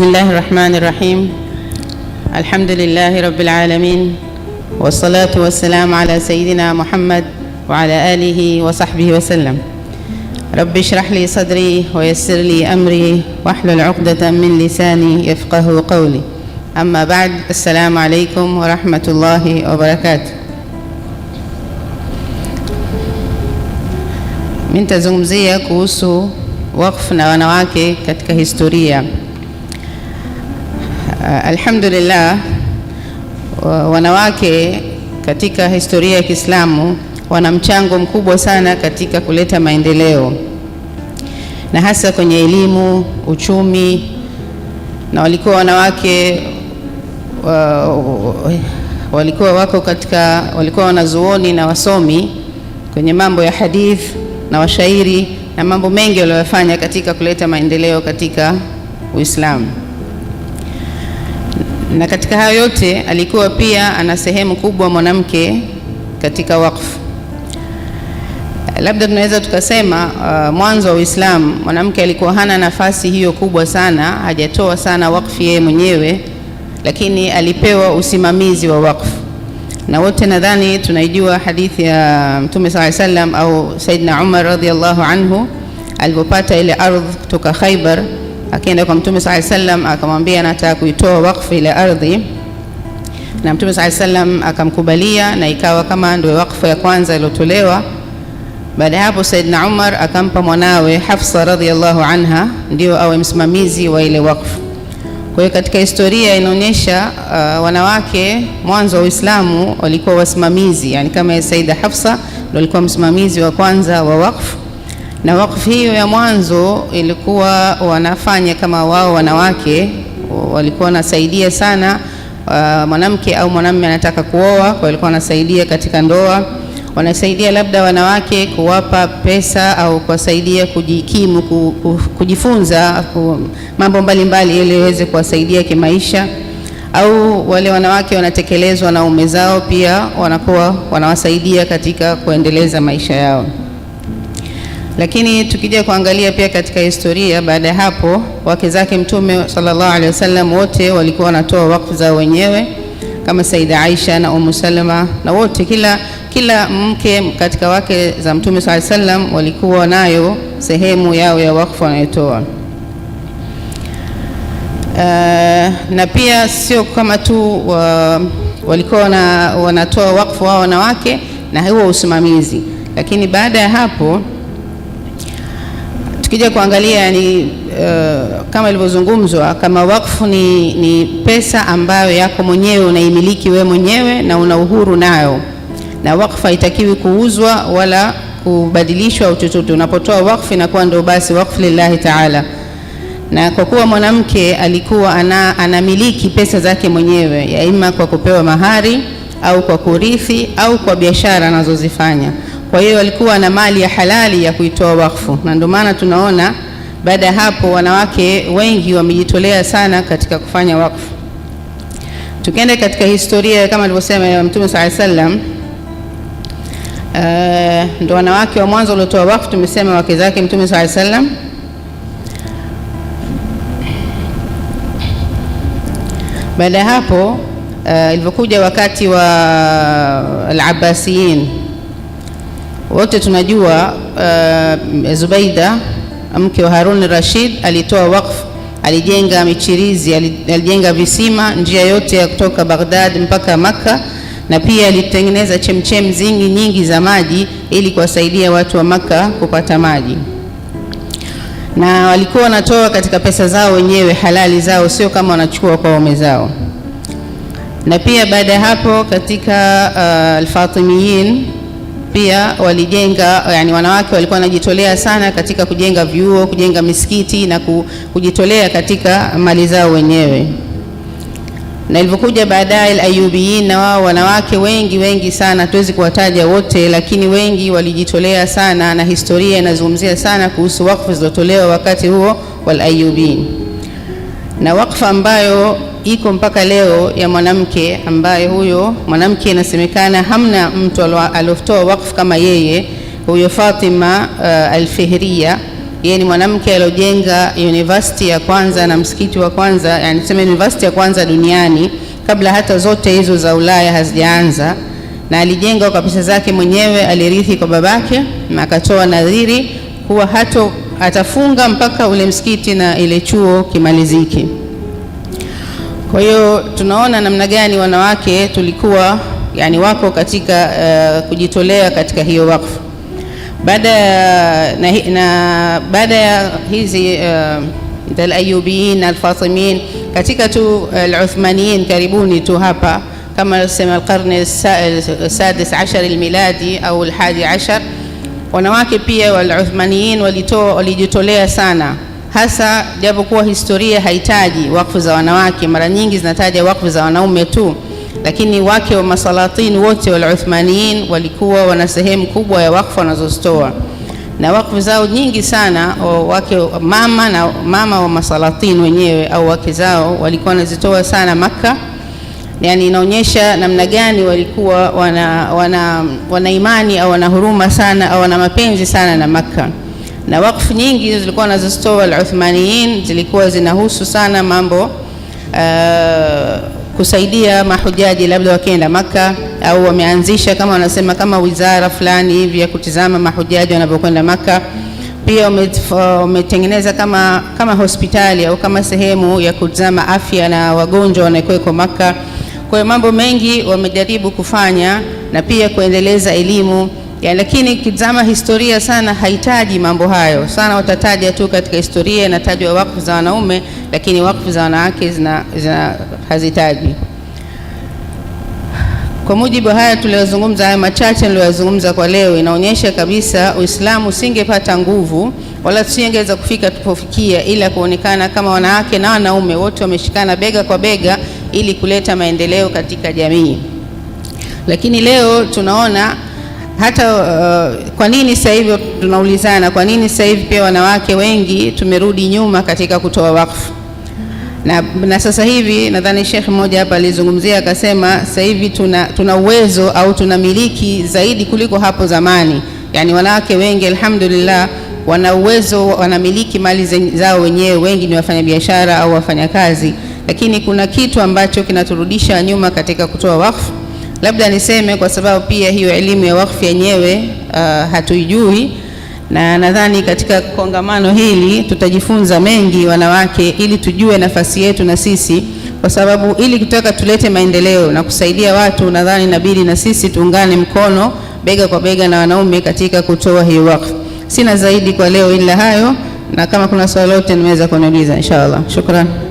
بسم الله الرحمن الرحيم الحمد لله رب العالمين والصلاة والسلام على سيدنا محمد وعلى آله وصحبه وسلم رب اشرح لي صدري ويسر لي أمري واحلل عقدة من لساني يفقه قولي أما بعد السلام عليكم ورحمة الله وبركاته من تزمزيك وصو وقفنا ونواكي كتك هستوريا Uh, alhamdulillah wanawake katika historia ya Kiislamu wana mchango mkubwa sana katika kuleta maendeleo na hasa kwenye elimu, uchumi na walikuwa wanawake walikuwa wako katika walikuwa wanazuoni na wasomi kwenye mambo ya hadith na washairi na mambo mengi waliyofanya katika kuleta maendeleo katika Uislamu. Na katika hayo yote alikuwa pia ana sehemu kubwa mwanamke katika wakfu. Labda tunaweza tukasema uh, mwanzo wa Uislamu mwanamke alikuwa hana nafasi hiyo kubwa sana, hajatoa sana wakfu yeye mwenyewe, lakini alipewa usimamizi wa wakfu. Na wote nadhani tunaijua hadithi ya Mtume sala salam au Saidna Umar radhiallahu anhu alipopata ile ardhi kutoka Khaibar Akaenda kwa Mtume sallallahu salam akamwambia, nataka kuitoa wakfu ile ardhi, na Mtume sallallahu salam akamkubalia, na ikawa kama ndio wakfu ya kwanza iliyotolewa. Baada ya hapo, Saidna Umar akampa mwanawe Hafsa radhiallahu anha ndio awe msimamizi wa ile wakfu. Kwa hiyo katika historia inaonyesha uh, wanawake mwanzo wa Uislamu walikuwa wasimamizi, yani kama Saida Hafsa ndio alikuwa msimamizi wa kwanza wa wakfu na wakfu hiyo ya mwanzo ilikuwa wanafanya kama wao wanawake walikuwa wanasaidia sana uh, mwanamke au mwanamume anataka kuoa, kwa walikuwa wanasaidia katika ndoa, wanasaidia labda wanawake kuwapa pesa au kuwasaidia kujikimu, kujifunza mambo mbalimbali ili iweze kuwasaidia kimaisha, au wale wanawake wanatekelezwa na ume zao, pia wanakuwa wanawasaidia katika kuendeleza maisha yao. Lakini tukija kuangalia pia katika historia, baada ya hapo wake zake Mtume sallallahu alaihi wasallam wote walikuwa wanatoa wakfu zao wenyewe kama Saida Aisha na Umu Salama na wote, kila kila mke katika wake za Mtume sallallahu alaihi wasallam walikuwa nayo sehemu yao ya wakfu wanayotoa. Uh, na pia sio kama tu wa, walikuwa na, wanatoa wakfu wao wanawake na huo usimamizi, lakini baada ya hapo Tukija kuangalia ni uh, kama ilivyozungumzwa, kama wakfu ni, ni pesa ambayo yako mwenyewe unaimiliki we mwenyewe na una uhuru nayo, na wakfu haitakiwi kuuzwa wala kubadilishwa au chochote. Unapotoa wakfu inakuwa ndio basi wakfu lillahi taala. Na kwa kuwa mwanamke alikuwa ana, anamiliki pesa zake mwenyewe, yaima kwa kupewa mahari au kwa kurithi au kwa biashara anazozifanya kwa hiyo walikuwa na mali ya halali ya kuitoa wakfu, na ndio maana tunaona baada ya hapo wanawake wengi wamejitolea sana katika kufanya wakfu. Tukienda katika historia kama alivyosema ya Mtume saa sallam, uh, ndio wanawake wa mwanzo waliotoa wakfu, tumesema wake zake Mtume saa sallam baada ya hapo uh, ilivyokuja wakati wa al-Abbasiyin wote tunajua uh, Zubaida mke wa Harun Rashid alitoa wakfu, alijenga michirizi, alijenga visima, njia yote ya kutoka Baghdad mpaka Makka, na pia alitengeneza chemchem zingi nyingi za maji ili kuwasaidia watu wa Makka kupata maji, na walikuwa wanatoa katika pesa zao wenyewe halali zao, sio kama wanachukua kwa waume zao. Na pia baada ya hapo katika uh, Al-Fatimiyin pia walijenga yani, wanawake walikuwa wanajitolea sana katika kujenga vyuo, kujenga misikiti na kujitolea katika mali zao wenyewe. Na ilivyokuja baadaye Al-Ayyubiyin, na wao wanawake wengi wengi sana, tuwezi kuwataja wote, lakini wengi walijitolea sana, na historia inazungumzia sana kuhusu wakfu zilizotolewa wakati huo wal Ayyubiyin na wakfu ambayo iko mpaka leo ya mwanamke ambaye huyo mwanamke inasemekana hamna mtu aliotoa wakfu kama yeye, huyo Fatima uh, Alfihria. Yeye ni mwanamke aliojenga university ya kwanza na msikiti wa kwanza, yani tuseme university ya kwanza duniani kabla hata zote hizo za Ulaya hazijaanza, na alijenga kwa pesa zake mwenyewe, alirithi kwa babake, na akatoa nadhiri kuwa hato atafunga mpaka ule msikiti na ile chuo kimalizike. Kwa hiyo tunaona namna gani wanawake tulikuwa yani wako katika uh, kujitolea katika hiyo wakfu baada ya na, na baada ya hizi uh, eh, al-Ayyubiyin al-Fatimiyin katika tu eh, al-Uthmaniyin karibuni tu hapa kama alivyosema al-qarni sadis ashar al-miladi au al-hadi ashar, wanawake pia wal-Uthmaniyin walijitolea sana hasa, japokuwa historia haitaji wakfu za wanawake, mara nyingi zinataja wakfu za wanaume tu, lakini wake wa masalatin wote uthmaniin walikuwa wana sehemu kubwa ya wakfu wanazozitoa na wakfu zao nyingi sana o wake mama na mama wa masalatin wenyewe au wake zao walikuwa wanazitoa sana Makka. Yani inaonyesha namna gani walikuwa wana, wana, wana imani au wana huruma sana au wana mapenzi sana na Makka na wakfu nyingi zilikuwa nazozitoa al-Uthmaniyin zilikuwa zinahusu sana mambo uh, kusaidia mahujaji labda wakienda Maka au wameanzisha kama wanasema kama wizara fulani hivi ya kutizama mahujaji wanapokwenda Maka. Pia umetengeneza kama, kama hospitali au kama sehemu ya kutizama afya na wagonjwa wanaokuweko Maka. Kwa hiyo mambo mengi wamejaribu kufanya na pia kuendeleza elimu ya, lakini kizama historia sana haitaji mambo hayo sana, watataja tu katika historia inatajwa wakfu za wanaume, lakini wakfu za wanawake zina, zina hazitaji. Kwa mujibu wa haya tuliyozungumza, haya machache niliyozungumza kwa leo, inaonyesha kabisa Uislamu usingepata nguvu wala tusingeweza kufika tupofikia, ila kuonekana kama wanawake na wanaume wote wameshikana bega kwa bega ili kuleta maendeleo katika jamii. Lakini leo tunaona hata uh, kwa nini sasa hivi tunaulizana, kwa nini sasa hivi pia wanawake wengi tumerudi nyuma katika kutoa wakfu na, na sasa hivi nadhani Sheikh mmoja hapa alizungumzia akasema, sasa hivi tuna, tuna uwezo au tunamiliki zaidi kuliko hapo zamani. Yani wanawake wengi alhamdulillah wana uwezo, wanamiliki mali zao wenyewe, wengi ni wafanyabiashara au wafanyakazi, lakini kuna kitu ambacho kinaturudisha nyuma katika kutoa wakfu Labda niseme kwa sababu pia hiyo elimu ya wakfu yenyewe uh, hatuijui na nadhani katika kongamano hili tutajifunza mengi wanawake, ili tujue nafasi yetu na sisi, kwa sababu ili kutaka tulete maendeleo na kusaidia watu, nadhani inabidi na sisi tuungane mkono bega kwa bega na wanaume katika kutoa hiyo wakfu. Sina zaidi kwa leo ila hayo, na kama kuna swali lolote nimeweza kuniuliza, inshallah. Shukrani.